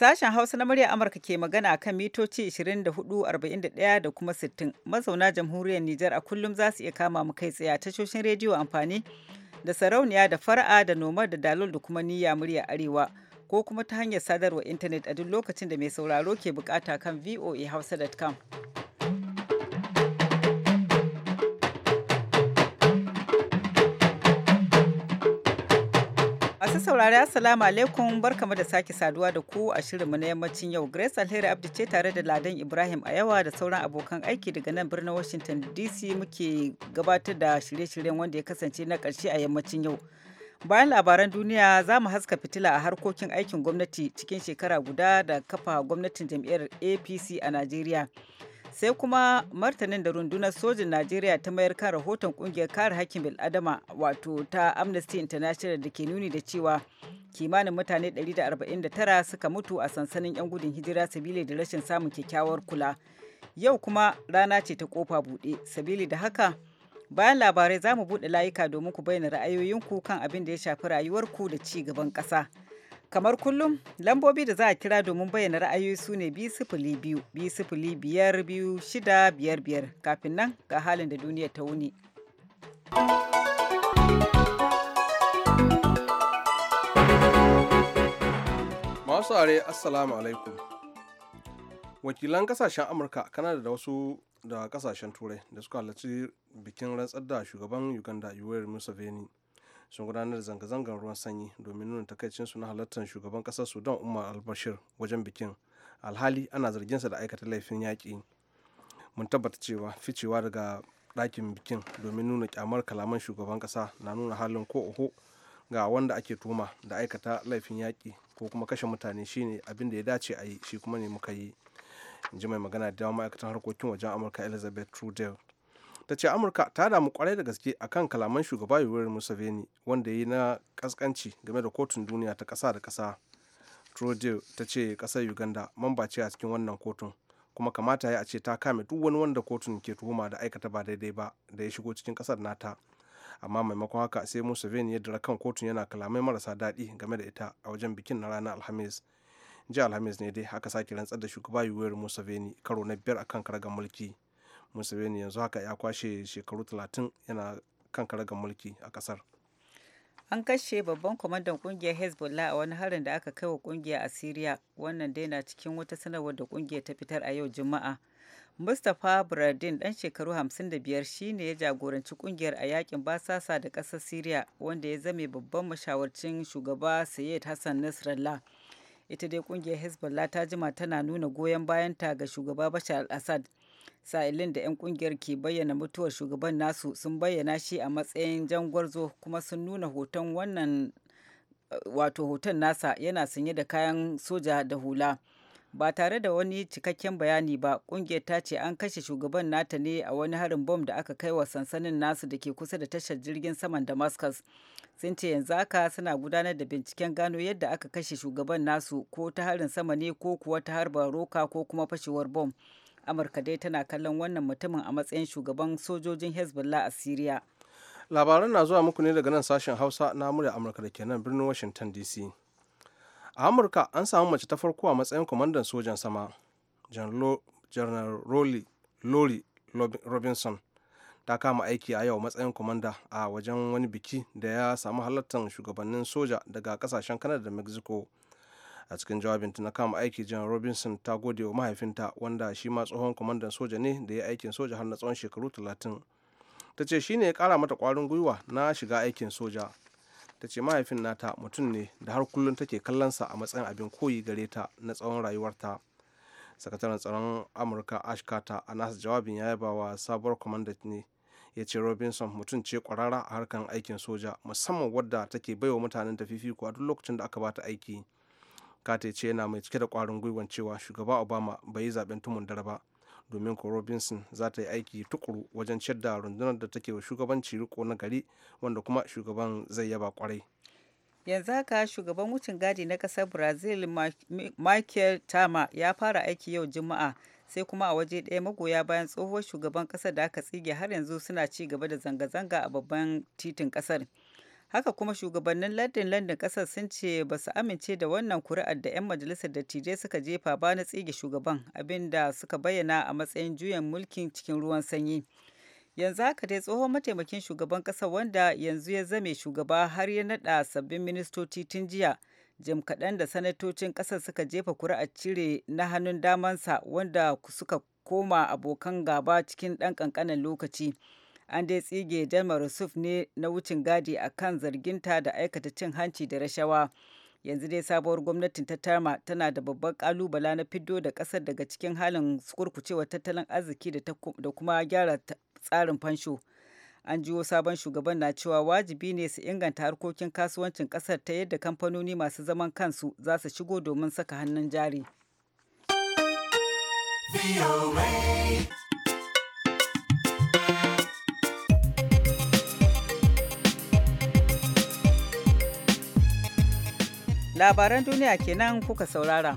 Sashen Hausa na murya Amurka ke magana kan mitoci 24,41 da kuma 60. Mazauna jamhuriyar Nijar a kullum za su iya kama mu kai tsaye a tashoshin rediyo amfani da sarauniya da fara'a da noma da dalol da kuma niyya murya arewa ko kuma ta hanyar sadarwa intanet a duk lokacin da mai sauraro ke bukata kan voahausa.com. masu saurari assalamu alaikum barkamu da sake saduwa da ku a shirinmu na yammacin yau grace alheri abdu ce tare da ladan ibrahim a yawa da sauran abokan aiki daga nan birnin washington dc muke gabatar da shirye-shiryen wanda ya kasance na karshe a yammacin yau bayan labaran duniya za mu haska fitila a harkokin aikin gwamnati cikin shekara guda da kafa gwamnatin jam'iyyar apc a najeriya sai kuma martanin da rundunar sojin najeriya ta mayar kan rahoton kungiyar kare hakkin bil'adama wato ta amnesty international da ke nuni da cewa kimanin mutane 149 suka mutu a sansanin 'yan gudun hijira sabili da rashin samun kyakkyawar kula yau kuma rana ce ta kofa buɗe sabili da haka bayan labarai za mu buɗe layuka domin ku bayyana ra'ayoyinku kan abin da ya shafi rayuwarku da ci gaban ƙasa. kamar kullum lambobi da za a kira domin bayyana ra'ayoyi su ne shida biyar biyar kafin nan ga halin da duniya ta wuni masu are assalamu alaikum wakilan kasashen amurka kanada da wasu da kasashen turai da suka halarci bikin rantsar da shugaban uganda yuwar museveni sun gudanar zanga-zangar ruwan sanyi domin nuna takaicinsu na halartar shugaban ƙasar sudan umar albashir wajen bikin alhali ana zarginsa da aikata laifin yaƙi mun tabbata cewa ficewa daga ɗakin bikin domin nuna kyamar kalaman shugaban kasa na nuna halin ko oho ga wanda ake tuma da aikata laifin yaƙi ko kuma kashe mutane shine abin da ya dace a yi shi kuma ne muka yi in ji mai magana da ma'aikatan harkokin wajen amurka elizabeth trudeau ta ce amurka ta damu kwarai da gaske akan kalaman shugaba yuwar museveni wanda ya yi na kaskanci game da kotun duniya ta kasa da kasa trudeau ta ce kasar uganda mamba ce a cikin wannan kotun kuma kamata ya a ce ta kame duk wani wanda kotun ke tuhuma da aikata ba daidai ba da ya shigo cikin kasar nata amma maimakon haka sai museveni ya dira kan kotun yana kalamai marasa daɗi game da ita a wajen bikin na ranar alhamis jiya alhamis ne dai haka sake rantsar da shugaba yuwar museveni karo na biyar akan karagar mulki museveni yanzu haka ya kwashe shekaru 30 yana kan karagar mulki a kasar an kashe babban kwamandan kungiyar hezbollah a wani harin da aka kai wa kungiya a syria wannan dai na cikin wata sanarwar da kungiyar ta fitar a yau juma'a mustapha buradin dan shekaru 55 shine ya jagoranci kungiyar a yakin basasa da kasar syria wanda ya zame babban mashawarcin shugaba sayyid hassan nasrallah ita dai kungiyar hezbollah ta jima tana nuna goyon bayanta ga shugaba bashar al-assad sa'ilin da 'yan kungiyar ke bayyana mutuwar shugaban nasu sun bayyana shi a matsayin jan gwarzo kuma sun nuna hoton wannan wato hoton nasa yana sanye da kayan soja da hula ba tare da wani cikakken bayani ba kungiyar ta ce an kashe shugaban nata ne a wani harin bom da aka kai wa sansanin nasu da ke kusa da tashar jirgin saman damascus sun ce yanzu haka suna gudanar da binciken gano yadda aka kashe shugaban nasu ko ta harin sama ne ko kuwa ta harbar roka ko kuma fashewar bom amurka dai tana kallon wannan mutumin a matsayin shugaban sojojin hezbollah a syria labaran na zuwa muku ne daga nan sashen hausa na murya amurka da ke nan birnin washington dc a amurka an samu mace ta farko a matsayin kwamandan sojan sama janar lori robinson ta kama aiki a yau matsayin kwamanda a wajen wani biki da ya samu halartar shugabannin soja daga kasashen canada da mexico a cikin jawabinta na kama aiki jan robinson ta gode wa mahaifinta wanda shi ma tsohon kwamandan soja ne da ya aikin soja har na tsawon shekaru talatin ta ce ne ya kara mata kwarin gwiwa na shiga aikin soja ta ce mahaifin nata mutum ne da har kullum take kallonsa a matsayin abin koyi gare ta na tsawon rayuwarta sakataren tsaron amurka ash carter a nasa jawabin ya yaba wa sabuwar kwamandan ne ya ce robinson mutum ce kwarara a harkar aikin soja musamman wadda take baiwa mutanen ta fifiko a duk lokacin da aka bata aiki kata ce yana mai cike da kwarin gwiwan cewa shugaba obama bai yi zaben tumun dare ba domin ko robinson za ta yi aiki tukuru wajen ciyar da rundunar da take wa shugabanci riko na gari wanda kuma shugaban zai yaba kwarai yanzu haka shugaban wucin gadi na kasar brazil michael tama ya fara aiki yau juma'a sai kuma a waje ɗaya magoya bayan tsohuwar shugaban ƙasar da aka tsige har yanzu suna ci gaba da zanga-zanga a babban titin ƙasar haka kuma shugabannin lardin lardin kasar sun ce ba su amince da wannan kuri'ar da 'yan majalisar dattijai suka jefa ba na tsige shugaban abinda suka bayyana a matsayin juyin mulkin cikin ruwan sanyi yanzu haka dai tsohon mataimakin shugaban kasar wanda yanzu ya zame shugaba har ya nada sabbin ministoci tun jiya jim kaɗan da sanatocin kasar suka jefa kuri'ar cire na hannun damansa wanda suka koma abokan gaba cikin ɗan ƙanƙanin lokaci. an dai tsige Dalma Rusuf ne na wucin gadi a kan zarginta da aikata cin hanci da rashawa. Yanzu dai sabuwar gwamnatin ta tarma tana da babban kalubala na fiddo da kasar daga cikin halin kurkucewar tattalin arziki da kuma gyara tsarin fansho. An jiwo sabon shugaban na cewa wajibi ne su inganta harkokin kasuwancin kasar ta yadda kamfanoni masu zaman kansu za su shigo domin saka hannun jari. labaran duniya kenan kuka saurara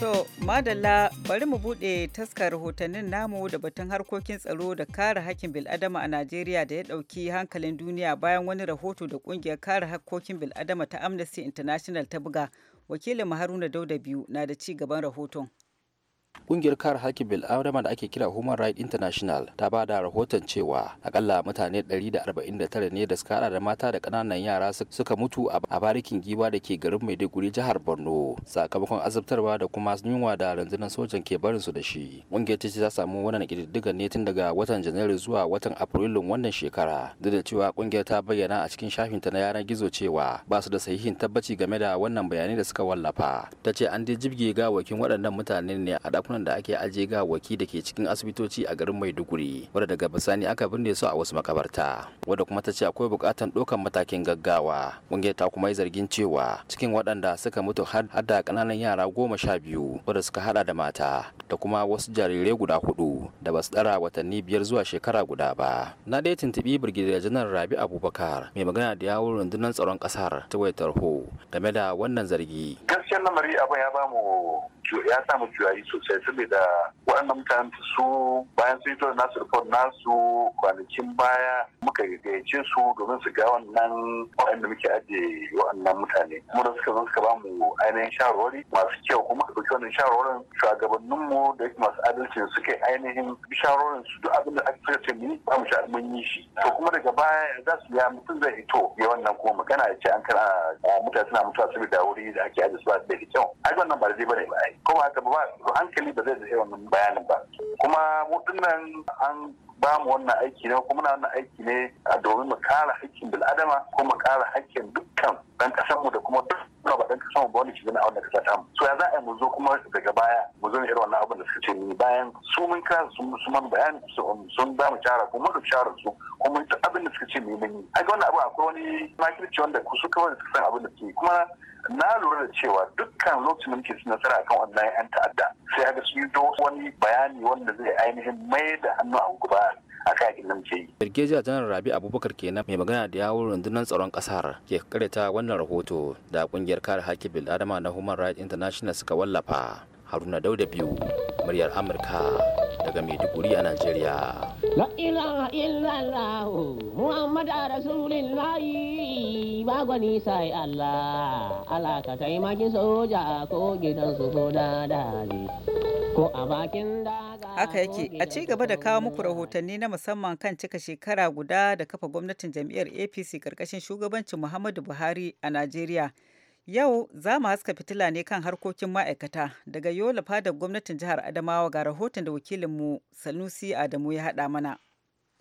To, Madalla bari mu buɗe taskar rahotannin namu da batun harkokin tsaro da kare hakkin bil'adama a Najeriya da ya ɗauki hankalin duniya bayan wani rahoto da ƙungiyar kare hakkokin bil'adama ta Amnesty International ta buga. Wakilin Haruna Dauda biyu na da ci gaban rahoton. kungiyar kare bil bil'adama da ake kira human rights international ta ba da rahoton cewa akalla mutane 149 ne da suka hada da mata da kananan yara suka mutu a barikin giwa da ke garin maiduguri jihar borno sakamakon azabtarwa da kuma yunwa da rundunar sojan ke barin su da shi kungiyar ta ce ta samu wannan kididdigar ne tun daga watan janairu zuwa watan afrilun wannan shekara duk da cewa kungiyar ta bayyana a cikin shafinta na yanar gizo cewa ba su da sahihin tabbaci game da wannan bayanai da suka wallafa ta ce an dai jibge gawakin waɗannan mutane ne a dakunan da ake ajiye gawaki da ke cikin asibitoci a garin maiduguri wadda daga bisani aka binne su a wasu makabarta wadda kuma ta ce akwai bukatan ɗaukar matakin gaggawa ƙungiyar ta kuma yi zargin cewa cikin waɗanda suka mutu har da ƙananan yara goma sha biyu wadda suka haɗa da mata da kuma wasu jarirai guda hudu da basu ɗara watanni biyar zuwa shekara guda ba na dai tuntuɓi birgidiyar janar rabi abubakar mai magana da yawon rundunar tsaron ƙasar ta wayar tarho game da wannan zargi gaskiyar lamari abu ya samu juyayi sosai da waɗannan mutane su bayan sun fito nasu report nasu kwanakin baya muka gayyace su domin su ga wannan waɗanda muke ajiye waɗannan mutane kuma da suka zo suka ba mu ainihin shawarwari masu kyau kuma ka ɗauki wannan shawarwarin mu, da yake masu adalci suke ainihin shawarwarin su duk abin da aka ce mu ba mu sha mun yi shi to kuma daga baya za su ya mutum zai hito ya wannan kuma magana ya ce an kana mutane suna mutuwa saboda wuri da ake ajiye su ba da kyau ai wannan ba daidai bane ba ai ko ba haka ba hankali ba zai zai wannan bayanin ba kuma mu an ba mu wannan aiki ne kuma muna wannan aiki ne domin mu kare haƙƙin bil'adama ko mu kare haƙƙin dukkan ɗan ƙasar mu da kuma duk ba ɗan ƙasar mu ba wani shi zama a wannan ƙasa ta mu so ya za a yi mu zo kuma daga baya mu zo ne irin wannan abin da suka ce ni bayan su mun kira su su man bayani sun ba mu shara ko mun shara su ko mun abin da suka ce ni mun yi haka wannan abu akwai wani makirci wanda su kawai suka san abin da suke kuma na lura da cewa dukkan lokacin da muke ci nasara kan wannan yan ta'adda sai haka su yi wani bayani wanda zai ainihin mai da hannu a gaba a kakin da muke yi. Birgejiya Janar Rabi Abubakar kenan mai magana da yawon rundunar tsaron kasar ke karyata wannan rahoto da kungiyar kare bil adama na Human Rights International suka wallafa. Haruna Dauda biyu, muryar Amurka. daga Maiduguri a Najeriya. La ilaha illallah Muhammad Rasulullah ba gwani sai Allah Allah ka taimaki soja ko gidan su ko ko a bakin daga Haka yake a ci gaba da kawo muku rahotanni na musamman kan cika shekara guda da kafa gwamnatin jam'iyyar APC karkashin shugabancin Muhammadu Buhari a Najeriya. Yau za mu haska fitila ne kan harkokin ma'aikata daga Yola fadar gwamnatin jihar Adamawa ga rahoton da wakilinmu Sanusi Adamu ya haɗa mana.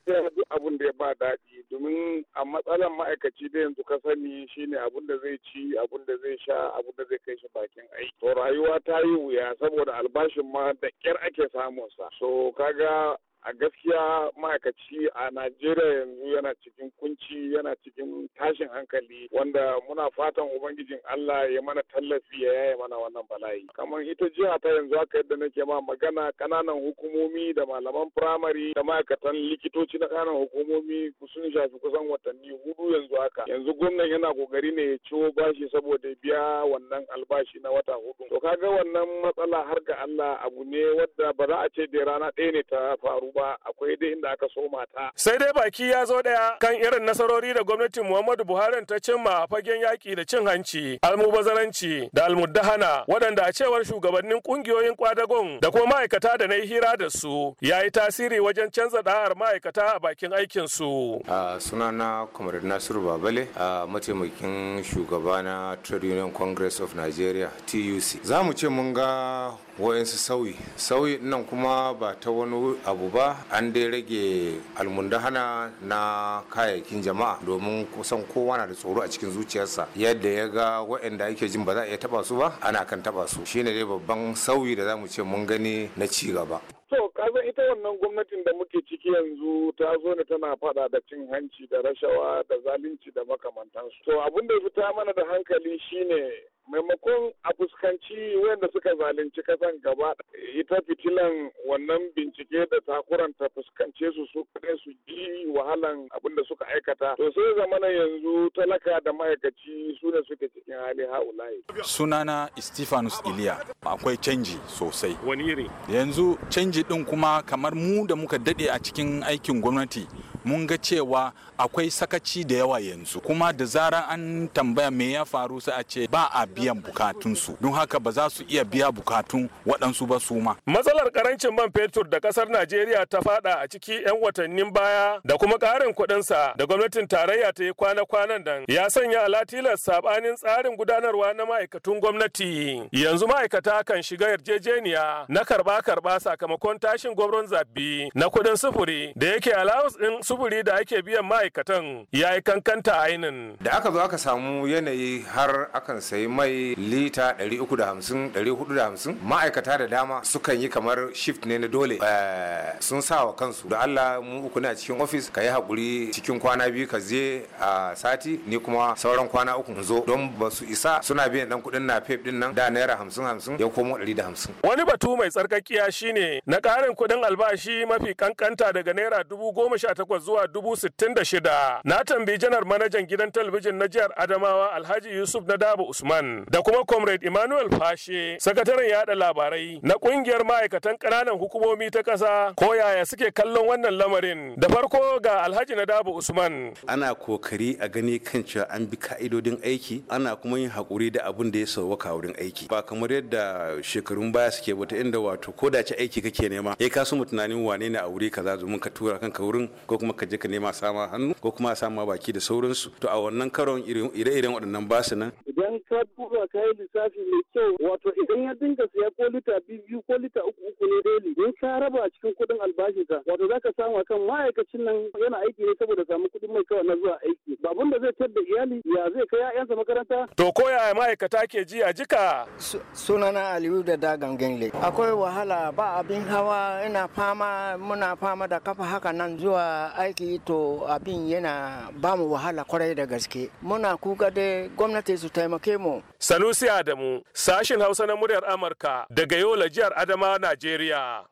duk abin da ya ba daɗi domin a matsalar ma'aikaci da yanzu ka sani shine abin da zai ci abin da zai sha abin da zai kai shi bakin aiki to rayuwa ta yi wuya saboda albashin ma da ƙyar ake samunsa so kaga a gaskiya ma'aikaci a Najeriya yanzu yana cikin kunci yana cikin tashin hankali wanda muna fatan ubangijin Allah ya mana tallafi ya yaya mana wannan bala'i kamar ita jiha ta yanzu haka yadda nake ma magana kananan hukumomi da malaman firamare da ma'aikatan likitoci na kananan hukumomi sun shafi kusan watanni hudu yanzu haka yanzu gwamnan yana kokari ne ya ciwo bashi saboda biya wannan albashi na wata hudu to kaga wannan matsala har ga Allah abu ne wadda ba za a ce da rana ɗaya ne ta faru ba akwai dai inda aka so mata. Sai dai baki ya zo daya kan irin nasarori da gwamnatin Muhammadu Buhari ta cimma a fagen yaƙi da cin hanci, almubazaranci da almuddahana waɗanda a cewar shugabannin ƙungiyoyin kwadagon da kuma ma'aikata da na yi hira da su ya yi tasiri wajen canza ɗa'ar ma'aikata a bakin aikin su. sunana Comrade Nasiru Babale a mataimakin shugaba na Trade Union Congress of Nigeria TUC. Za mu ce mun ga wayansu sauyi sauyi nan kuma ba ta wani abu ba an dai rage almundahana na kayayyakin jama'a domin kusan kowa na da tsoro a cikin zuciyarsa yadda ya ga wayanda ake jin ba za a iya taba su ba ana kan taba su shine dai babban sauyi da za mu ce mun gani na ci gaba To, kaza ita wannan gwamnatin da muke ciki yanzu ta zo ne tana fada da cin hanci da rashawa da zalunci da makamantansu. To, abin da ya fita mana da hankali shine maimakon a fuskanci wanda suka zalunci kasan gaba ita fitilan wannan bincike da takuran ta fuskance su su kare su ji wahalan abin da suka aikata to sai zamana yanzu talaka da ma'aikaci su ne suke cikin hali haulayi sunana stephanus iliya akwai canji sosai wani iri yanzu canji din kuma kamar mu da muka dade a cikin aikin gwamnati mun ga cewa akwai sakaci da yawa yanzu kuma da zarar an tambaya me ya faru sai a ce ba a biyan bukatunsu don haka ba za su iya biya bukatun waɗansu ba su ma. Matsalar karancin man fetur da ƙasar Najeriya ta fada a ciki 'yan watannin baya da kuma ƙarin kuɗinsa da gwamnatin tarayya ta yi kwana-kwanan nan ya sanya alatilar sabanin tsarin gudanarwa na ma'aikatun gwamnati. Yanzu ma'aikata kan shiga yarjejeniya na karɓa-karɓa sakamakon tashin gwamnatin zabi na kuɗin sufuri da yake alawus ɗin sufuri da ake biyan ma'aikatan ya yi kankanta ainin. Da aka zo aka samu yanayi har akan sayi mai mai lita 350 450 ma'aikata da dama sukan yi kamar shift ne na dole eh, sun sa wa kansu da Allah mu uku ne a cikin ofis ka yi hakuri cikin kwana biyu ka je a sati ni kuma sauran kwana uku zo don ba su isa suna biyan dan kuɗin na fef din nan da naira hamsin hamsin ya komo ɗari da hamsin. Wani batu mai tsarkakiya shine na ƙarin kuɗin albashi mafi kankanta daga naira dubu goma sha takwas zuwa dubu sittin da shida. Na tambayi janar manajan gidan talabijin na jihar Adamawa Alhaji Yusuf na Dabo Usman da kuma Comrade Emmanuel Fashe, sakataren yada labarai na kungiyar ma'aikatan ƙananan hukumomi ta kasa ko yaya suke kallon wannan lamarin. Da farko ga Alhaji Nadabu Usman. Ana kokari a gani kan cewa an bi ka'idodin aiki, ana kuma yin hakuri da abun da ya sauwaka wurin aiki. Ba kamar yadda shekarun baya suke ta inda wato ko da ci aiki kake nema, ya ka mu tunanin wane ne a wuri kaza domin ka tura kanka wurin ko kuma ka je ka nema sama hannu ko kuma sama baki da sauransu. To a wannan karon ire-iren waɗannan basu nan. Idan ka abubuwa kayan lissafi mai kyau wato idan ya dinga siya ko lita biyu ko lita uku uku ne daily in ka raba a cikin kuɗin albashinsa wato zaka samu akan ma'aikacin nan yana aiki ne saboda samu kuɗin mai kawai na zuwa aiki ba yadda zai ciyar da iyali ya zai kai ya'yansa makaranta. To ko yaya ma'aikata ke ji a jika? Sunana Aliyu da Dagan Gengle. Akwai wahala ba abin hawa ina fama muna fama da kafa haka nan zuwa aiki to abin yana ba mu wahala kwarai da gaske. Muna kuka da gwamnati su taimake mu. Sanusi Adamu, sashin Hausa na muryar Amurka daga Yola jihar Adama, Najeriya.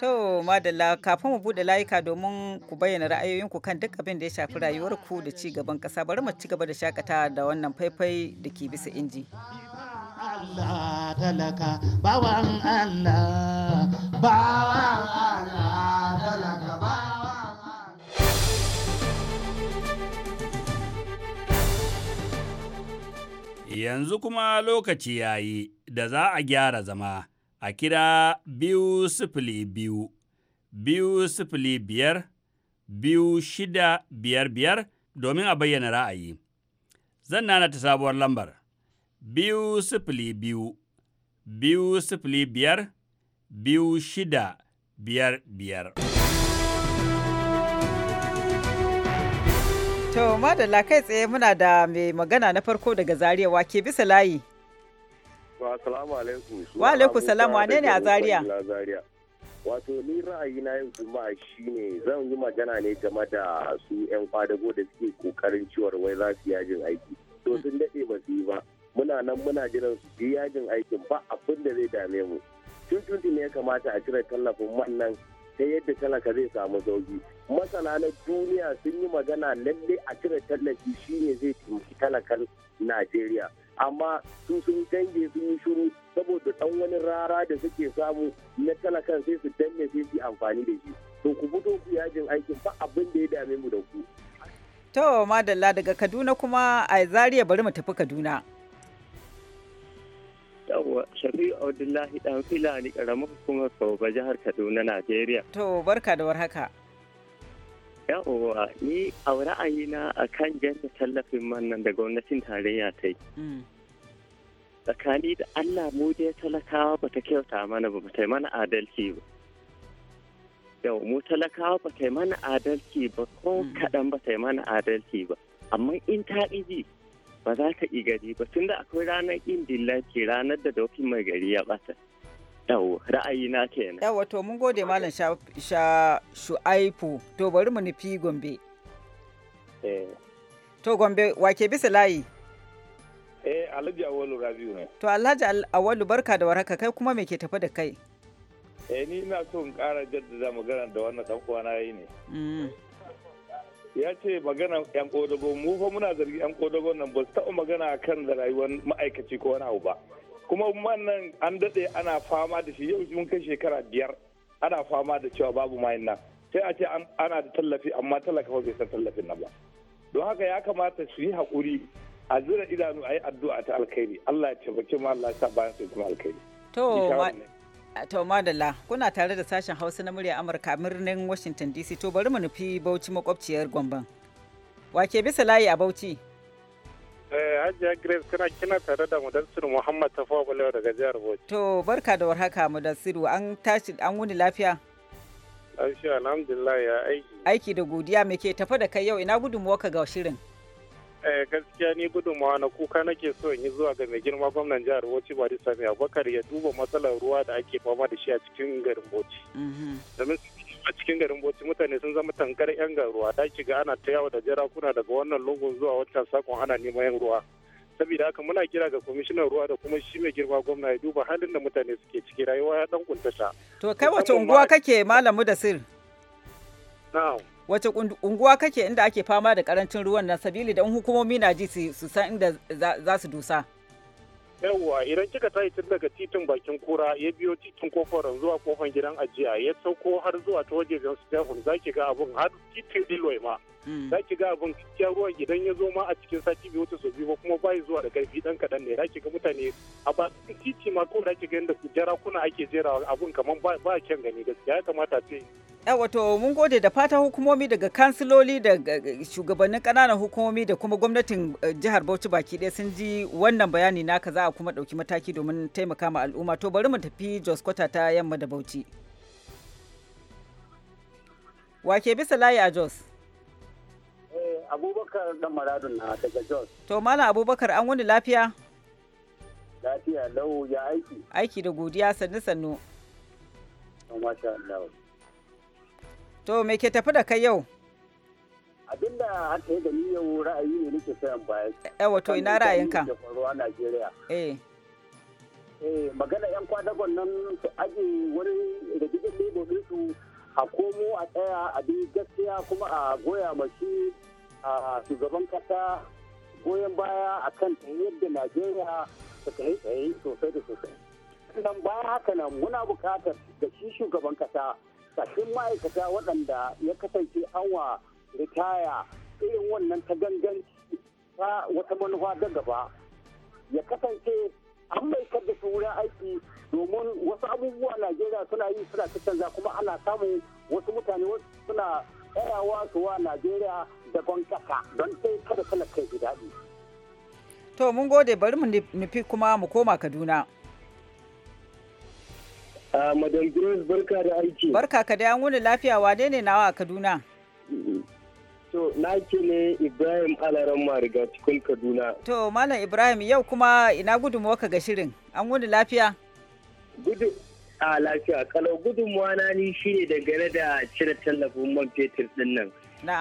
To madalla kafin mu bude layuka domin ku bayyana ra'ayoyinku kan duk abin da ya shafi rayuwarku da ci gaban ƙasa bari mu ci gaba da shakata da wannan faifai da ke bisa inji. Yanzu kuma lokaci ya yi da za a gyara zama a kira biyu sifili biyu, biyu sifili biyar, biyu shida biyar biyar domin a bayyana ra'ayi. Zan nana ta sabuwar lambar, biyu sifili biyu, biyu sifili biyar, biyu shida biyar biyar. To, madalla kai tsaye muna da mai magana na farko daga zaria wake bisa layi. Wa salamu alaikum. Wa alaikum salamu wa ne a Zaria? Wato ni ra'ayina yau juma'a shine zan yi magana ne game da su 'yan kwadago da suke kokarin ciwar wai za su yajin aiki. To sun daɗe ba su yi ba. Muna nan muna jiran su yi yajin aikin ba abin da zai dame mu. Tun ne ya kamata a cire tallafin wannan ta yadda talaka zai samu sauki masana na duniya sun yi magana lalle a cire tallafi shi ne zai taimaki talakan najeriya amma su sun canje sun yi shuru saboda dan wani rara da suke samu na talakan sai su danne sai su amfani da shi to ku fito ku yajin aikin ba abin da ya dame mu da ku to madalla daga kaduna kuma a zaria bari mu tafi kaduna yawwa shafi'u abdullahi dan filani karamar hukumar sauba jihar kaduna najeriya to barka da war haka. yawwa ni a ra'ayina a kan janta tallafin man da gwamnatin tarayya ta yi mm. tsakani da allah mu ya talakawa ba ta kyauta mana ba ta yi mana adalci ba yau mu talakawa ba ta yi mana adalci ba ko mm. kaɗan ba ta yi mana adalci ba amma in ta iji ba za ta gari ba tunda akwai ranar indin lafi ranar da dokin mai gari ya ɓata Yawwa ra'ayina kenan. yawo to mun gode malam sha shu'aifu to bari mu nufi Gombe. Eh. To Gombe wake bisa layi. Eh Alhaji awolu Rabiu ne. To Alhaji awolu barka da warhaka kai kuma me ke tafi da kai? Eh ni ina so in kara jaddada magana da wannan dan na yayi ne. Mm. Ya ce magana yan kodogo mu fa muna zargi yan kodogo nan ba su taɓa magana kan da rayuwar ma'aikaci ko wani abu ba. kuma wannan an daɗe ana fama da shi yau mun kai shekara biyar ana fama da cewa babu mayin nan sai a ce ana da tallafi amma talaka bai san tallafin nan ba don haka ya kamata su yi haƙuri a zira idanu a yi addu'a ta alkhairi Allah ya taimake mu Allah ya sa bayan sai kuma alkhairi to to madalla kuna tare da sashen Hausa na murya Amurka birnin Washington DC to bari mu nufi Bauchi makwabciyar Gombe wake bisa layi a Bauchi Eh, Hajiya Grace kana kina tare da Mudassiru Muhammad ta Balewa daga jihar Bauchi. To barka da warhaka Mudassiru an tashi an wuni lafiya. Aisha alhamdulillah ya aiki. Aiki da godiya me ke tafa da kai yau ina ka ga shirin. Eh gaskiya ni gudunmawa na kuka nake so in yi zuwa ga mai girma gwamnan jihar Bauchi Bari Sami Abubakar ya duba matsalar ruwa da ake fama da shi a cikin garin Bauchi. Mhm. a cikin garin bauchi mutane sun zama tankar yan garuwa da ki ga ana ta yawo da jarakuna daga wannan logo zuwa wancan sakon ana neman yan ruwa saboda haka muna kira ga kwamishinan ruwa da kuma shi mai girma gwamna ya duba halin da mutane suke ciki rayuwa ya dan kuntasha to kai wace unguwa kake malamu da na'am wace unguwa kake inda ake fama da karancin ruwan nan sabili da hukumomi na ji su san inda za su dusa yawwa idan kika tashi tun daga titin bakin kura ya biyo titin kofar zuwa kofan gidan ajiya ya sauko har zuwa ta waje stephen za ki ga abun har titin ma Mm. za ki ga abin gaskiya ruwan idan ya zo ma a cikin sati biyu wata sau biyu ba kuma bai zuwa da karfi dan kadan ne zaki ga mutane a ba titi ma ko da ki ga jara kuna ake jera abin kamar ba kyan gani gaskiya ya kamata ce wato mun gode da fata hukumomi daga kansiloli da shugabannin kananan hukumomi da kuma gwamnatin eh, jihar bauchi baki ɗaya sun ji wannan bayani naka za a kuma ɗauki mataki domin taimaka ma al'umma to bari mu tafi jos kwata ta yamma da bauchi wake bisa layi a jos Abubakar dan Maradun na daga Jos. To Malam Abubakar an wani lafiya? Lafiya lau ya aiki. Aiki da godiya sannu sannu. To me ke tafi da kai yau? Abin da aka yi da ni yau ra'ayi ne nake sayan baya. Eh wato ina ra'ayin Da eh. eh magana yan kwadagon nan su aje wani da digin lebo su a komo a tsaya a bi gaskiya kuma a goya mashi a shugaban kasa goyon baya a kan yadda najeriya ta kai tsaye sosai da sosai nan baya haka nan muna bukatar da shi shugaban kasa sabbin ma'aikata waɗanda ya kasance an wa ritaya irin wannan ta gangan ta wata manufa da gaba ya kasance an mai da su wurin aiki domin wasu abubuwa najeriya suna yi suna ta canza kuma ana samun wasu mutane suna tsayawa zuwa Najeriya da ban kasa don sai kada kai ji daɗi. To mun gode bari mu nufi kuma mu koma Kaduna. Madam Grace barka da aiki. Barka ka da an lafiya wane ne nawa a Kaduna? To na ke ne Ibrahim Alaran Mariga cikin Kaduna. To Malam Ibrahim yau kuma ina gudunmuwa ka ga shirin an wuni lafiya? Gudu a lafiya kalau gudunmuwa na ni shine da dangane da cire tallafin man fetur din nan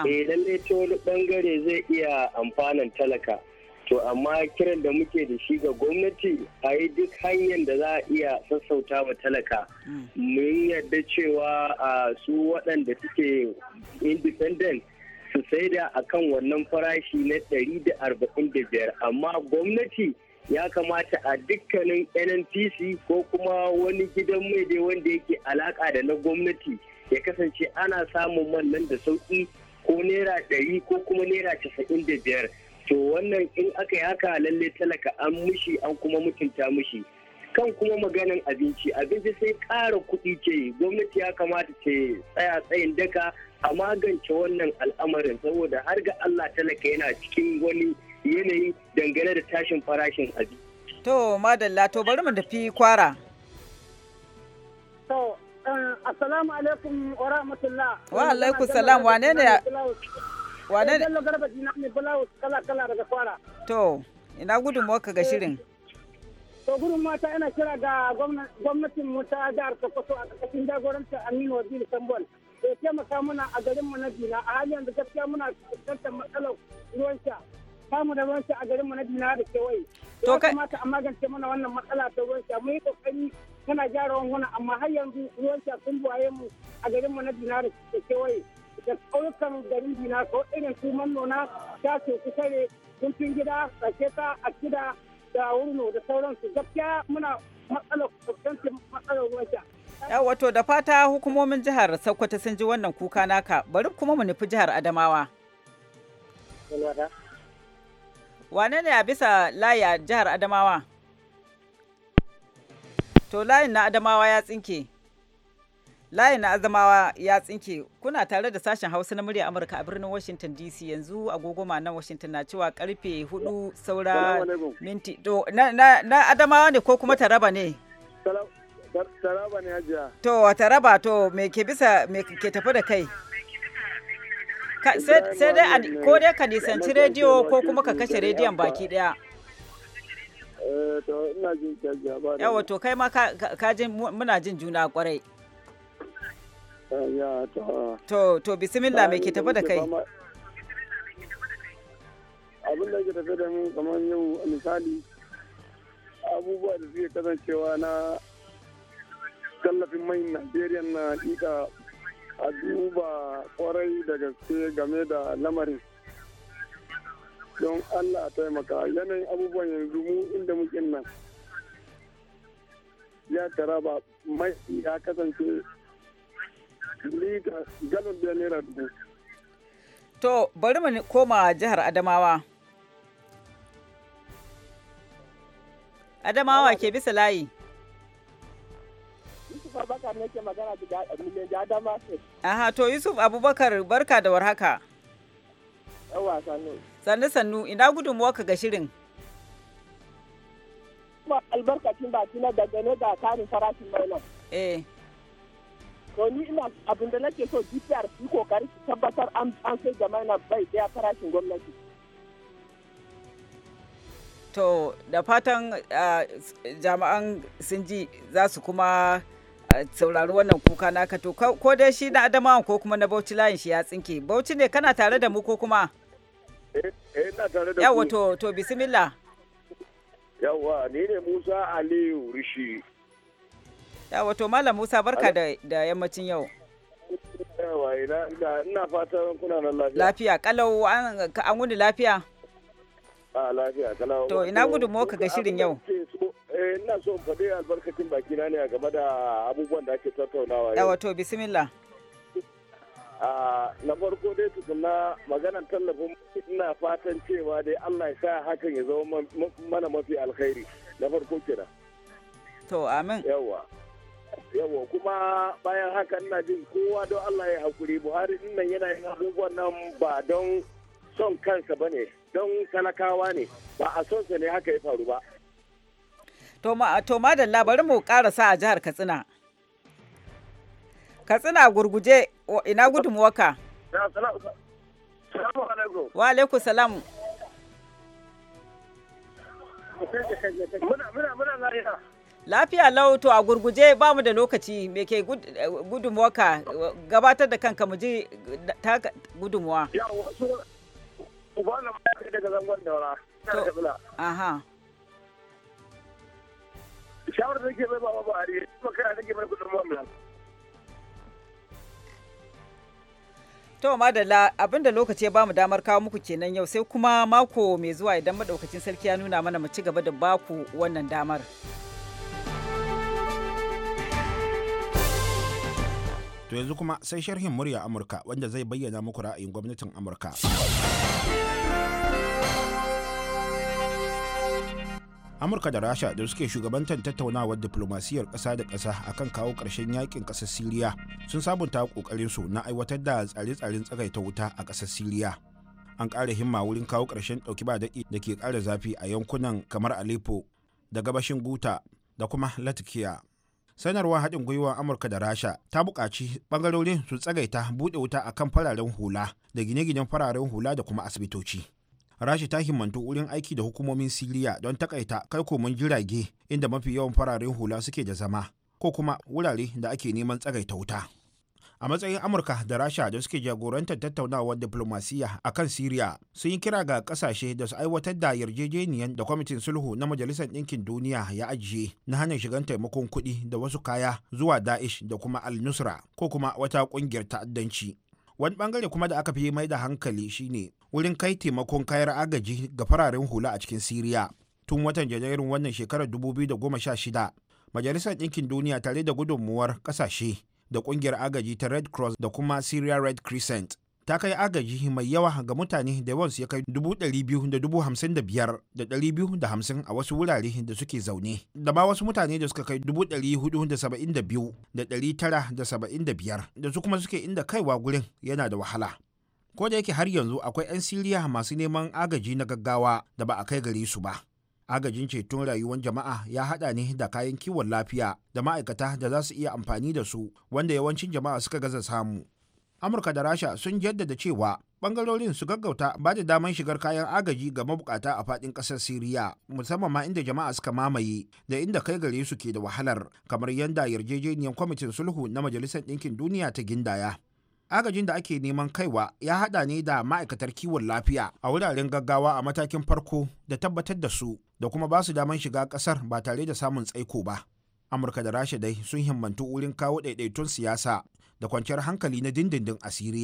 eh lalle ta wani bangare zai iya amfanan talaka to amma kiran da muke da shi ga gwamnati a yi duk hanyar da za a iya sassauta wa talaka hmm. mun yarda cewa a su waɗanda suke independent su saida akan wannan farashi na 145 amma gwamnati ya kamata a dukkanin nnpc ko kuma wani gidan mai dai wanda yake alaka da na gwamnati ya kasance ana samun man nan da sauki ko naira ɗari ko kuma naira casa'in da biyar to wannan in aka yi haka lalle talaka an mushi an kuma mutunta mushi kan kuma maganin abinci abinci sai ƙara kuɗi ke gwamnati ya kamata ce tsaya tsayin daka a magance wannan al'amarin saboda har ga allah talaka yana cikin wani yanayi dangane da tashin farashin abi. To, madalla, to bari mu tafi kwara. To, eh, assalamu alaikum wa rahmatullah. Wa alaikum salam, wane ne? Wane ne? Eh, Bello Garba Dina ne Bulawus kala-kala daga kwara. To, ina gudun ka ga eh, shirin. To, gudun mata ina kira ga gwamnatin mu ta jihar Sokoto a ƙarƙashin jagoranta Aminu Waziri Sambon. Ya taimaka muna a garinmu na Bina a halin da gaskiya muna fuskantar matsalar ruwan sha. samu da ruwan sha a garinmu na Dina da kewaye. To kai kamata a magance mana wannan matsala ta ruwan sha mu yi kokari tana gyara wani amma har yanzu ruwan sha sun buwaye mu a garinmu na Dina da kewaye. Da ƙauyukan garin Dina ko irin su manona ta ce su kare kuntun gida raketa a gida da wurno da sauransu gaskiya muna matsalar fuskantar matsalar ruwan sha. Yawa to da fata hukumomin jihar Sokoto sun ji wannan kuka naka bari kuma mu nufi jihar Adamawa. wane ne a bisa layi a jihar adamawa to layin na adamawa ya tsinke layin na adamawa ya tsinke kuna tare da sashen hausa na murya amurka a birnin washington dc yanzu goma na washington na cewa karfe hudu saura minti to na adamawa ne ko kuma taraba ne taraba ne to taraba to me ke bisa me ke tafi da kai sai dai ko dai ka nisanci rediyo ko kuma ka kashe rediyon baki daya eh, yawa to kai ma ka jin muna jin juna kwarai eh, to to mai ke tafi da kai abin da ke tafi da mu kamar yau misali abubuwa da suke kasancewa na tallafin mai najeriya na ika a duba kwarai da gaske game da lamarin don allah taimaka yanayin abubuwan yanzu mu inda mukin nan ya taraba mai ya kasance lita galon da naira dubu to bari mu koma jihar adamawa adamawa ke bisa layi Yusuf Abubakar nake magana daga Adama State. Aha, to Yusuf Abubakar barka da warhaka. Yawa sannu. Sannu sannu, ina gudunmuwarka ga shirin? Kuma albarkacin baki na ne ga karin farashin mai nan. Eh. To ni ina abin da nake so GPR su kokari su tabbatar an sai da mai nan bai daya farashin gwamnati. To da fatan ah, jama'an sun ji za su kuma Eh, saurari wannan kuka naka to ko dai shi na adamawan ko kuma na bauchi layin shi ya tsinke bauchi ne kana tare da mu ko kuma eh, eh, yawa to to bismillah yawa ni ne musa aliyu rishi yawa to malam musa barka da yammacin yau yawa ina fatan kuna nan lafiya lafiya kalau an wuni lafiya a ah, lafiya kalau to ina gudunmu ka ga shirin yau Eh, ina so in faɗi albarkacin bakina ne a game da abubuwan da ake tattaunawa yau. Wato bismillah. Ah, na farko dai tukuna maganar tallafin ina fatan cewa dai Allah ya sa hakan ya zama mana mafi alkhairi na farko kira. To amin. Yawwa. Yawwa kuma bayan haka ina jin kowa don Allah ya hakuri Buhari nan yana yin abubuwan nan ba don son kansa ba ne don talakawa ne ba a son sa ne haka ya faru ba. To madalla bari mu karasa a jihar Katsina. Katsina gurguje ina gudunmuwaka. Wa alaikum salam. Lafiya lau to a gurguje ba mu da lokaci me ke eh, gudunmuwaka gabatar da kanka mu ji ta gudunmuwa. Yawa, daga zangon daura. Aha. shawarar da ke bai ba Buhari da mai kudin abinda lokaci ya bamu damar kawo muku kenan yau sai kuma mako mai zuwa idan madaukakin sarki ya nuna mana mu ci gaba da baku wannan damar. To yanzu kuma sai sharhin murya Amurka wanda zai bayyana muku ra'ayin gwamnatin Amurka. amurka da rasha da suke shugabantar tattaunawar diplomasiyyar ƙasa da ƙasa akan kawo ƙarshen yakin ƙasar siriya sun sabunta ƙoƙarin su na aiwatar da tsare-tsaren tsagaita wuta a ƙasar siriya an ƙara himma wurin kawo ƙarshen ɗauki ba daɗi da ke ƙara zafi a yankunan kamar aleppo da gabashin guta da kuma latakia sanarwar haɗin gwiwar amurka da rasha ta buƙaci ɓangarorin su tsagaita buɗe wuta akan fararen hula da gine-ginen fararen hula da kuma asibitoci rashi ta himmantu wurin aiki da hukumomin siriya don takaita kai komin jirage inda mafi yawan fararen hula suke da zama ko kuma wurare da ake neman tsagaita wuta a matsayin amurka da rasha da suke jagorantar tattaunawar diplomasiya a kan siriya sun yi kira ga kasashe da su aiwatar da yarjejeniyar da kwamitin sulhu na majalisar ɗinkin duniya ya ajiye na hana shigan taimakon kuɗi da wasu kaya zuwa da'ish da kuma alnusra ko kuma wata ƙungiyar ta'addanci wani bangare kuma da aka fi mai da hankali shine wurin kai taimakon kayar agaji ga fararen hula a cikin siriya tun watan janairun wannan shekarar 2016 majalisar ɗinkin duniya tare da gudunmuwar ƙasashe da ƙungiyar agaji ta red cross da kuma syria red crescent ta kai agaji mai yawa ga mutane da yawan su ya kai 255,250 a wasu wurare da suke zaune da ba wasu mutane da suka kai 472,975 da su kuma suke inda kaiwa gurin yana da wahala ko da yake har yanzu akwai 'yan siriya masu neman agaji na gaggawa da ba a kai gare su ba agajin ceton rayuwar jama'a ya hada ne da kayan kiwon lafiya da ma'aikata da za su iya amfani da su wanda yawancin jama'a suka gaza samu amurka da rasha sun jaddada cewa bangarorin su gaggauta ba da damar shigar kayan agaji ga mabukata a fadin kasar siriya musamman ma inda jama'a suka mamaye da inda kai gare su ke da wahalar kamar yadda yarjejeniyar kwamitin sulhu na majalisar ɗinkin duniya ta gindaya agajin da ake neman kaiwa ya hada ne da ma'aikatar kiwon lafiya a wuraren gaggawa a matakin farko da tabbatar da su da kuma ba su daman shiga kasar ba tare da samun tsaiko ba amurka da rasha dai sun himmantu wurin kawo ɗaiɗaitun siyasa da kwanciyar hankali na dindindin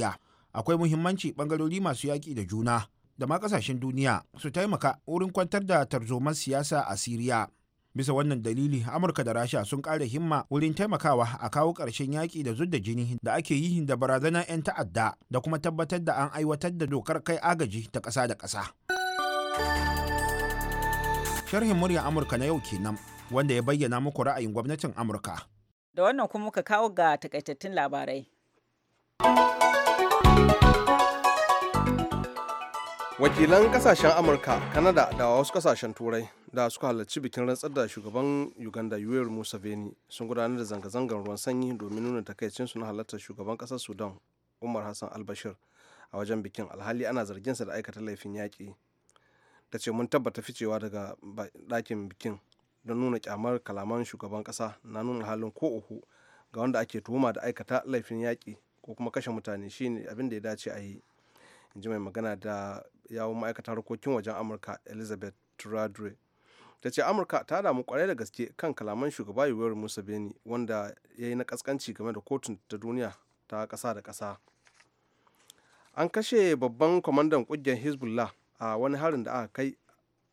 a akwai muhimmanci bangarori masu yaƙi da juna da ma ƙasashen duniya su taimaka wurin kwantar da tarzoman siyasa a siriya bisa wannan dalili amurka da rasha sun kare himma wurin taimakawa a kawo ƙarshen yaƙi da zudda jini da ake yi da barazanan 'yan ta'adda da kuma tabbatar da an aiwatar da dokar kai agaji ta ƙasa da ƙasa sharhin murya amurka na yau kenan wanda ya bayyana muku ra'ayin gwamnatin amurka da wannan kuma muka kawo ga takaitattun labarai wakilan kasashen amurka kanada da wasu kasashen turai da suka halarci bikin rantsar da shugaban uganda yoweri museveni sun gudanar da zanga-zangar ruwan sanyi domin nuna takaicin su na halartar shugaban kasar sudan umar hassan albashir a wajen bikin alhali ana zarginsa da aikata laifin yaƙi da ce mun tabbata ficewa daga ɗakin bikin don nuna kyamar kalaman shugaban kasa na nuna halin ko uku ga wanda ake tuhuma da aikata laifin yaƙi ko kuma kashe mutane shine abin da ya dace a yi in ji mai magana da yawon ma'aikatar harkokin wajen amurka elizabeth Turadre ta ce amurka ta damu kwarai da gaske kan kalaman shugaba yuwar musa beni wanda ya yi na kaskanci game da kotun ta duniya ta kasa da kasa an kashe babban kwamandan kungiyar hezbollah a wani harin da aka kai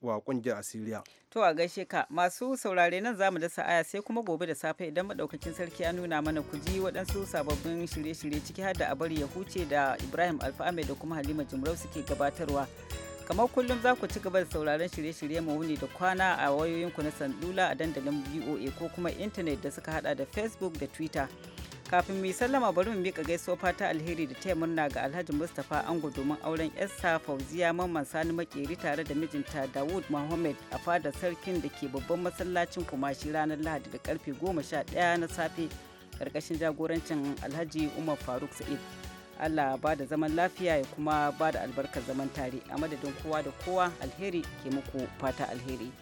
wa kungiyar asiriya to a gaishe ka masu saurare nan zamu da sa'aya sai kuma gobe da safe idan madaukakin sarki ya nuna mana ku ji waɗansu sababbin shirye-shirye ciki har da a bari ya huce da ibrahim alfa'ame da kuma halima jimrau suke gabatarwa kamar kullum za ku ci gaba da sauraron shirye-shirye wuni da kwana a wayoyinku na sandula a dandalin voa ko kuma intanet da suka hada da facebook da twitter kafin mu sallama bari mu miƙa gaisuwa fata alheri da taya murna ga alhaji mustapha ango domin auren yarsa fauziya mamman sani makeri tare da mijinta dawud mohammed a fadar sarkin da ke babban masallacin kumashi ranar lahadi da karfe 11 na safe karkashin jagorancin alhaji umar faruk sa'id Allah ba da zaman lafiya ya kuma ba da albarkar zaman tare a madadin kowa da kowa alheri ke muku fata alheri.